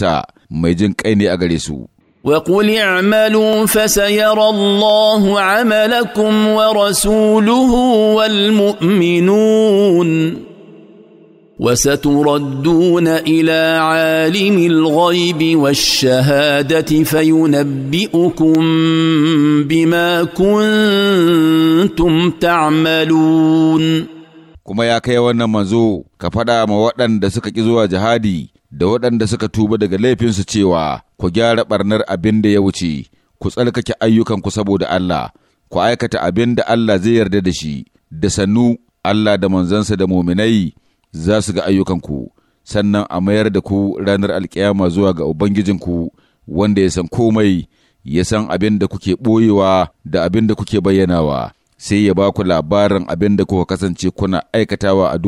bayansa mai jin kai ne a gare su. وقل اعملوا فسيرى الله عملكم ورسوله والمؤمنون وستردون الى عالم الغيب والشهاده فينبئكم بما كنتم تعملون كما يا kai مزو كفدا موطن faɗa جهادي da waɗanda suka tuba daga laifinsu cewa ku gyara ɓarnar abin da ya wuce, ku tsarkake ayyukanku saboda Allah, ku aikata abin da Allah zai yarda da shi, da sannu Allah da manzansa da muminai za su ga ayyukanku, sannan a mayar da ku ranar alkiyama zuwa ga Ubangijinku wanda ya san komai, ya san abin da kuke ɓoyewa da abin da kuke bayyanawa, sai ya ba ku labarin abin da kuka kasance kuna aikatawa a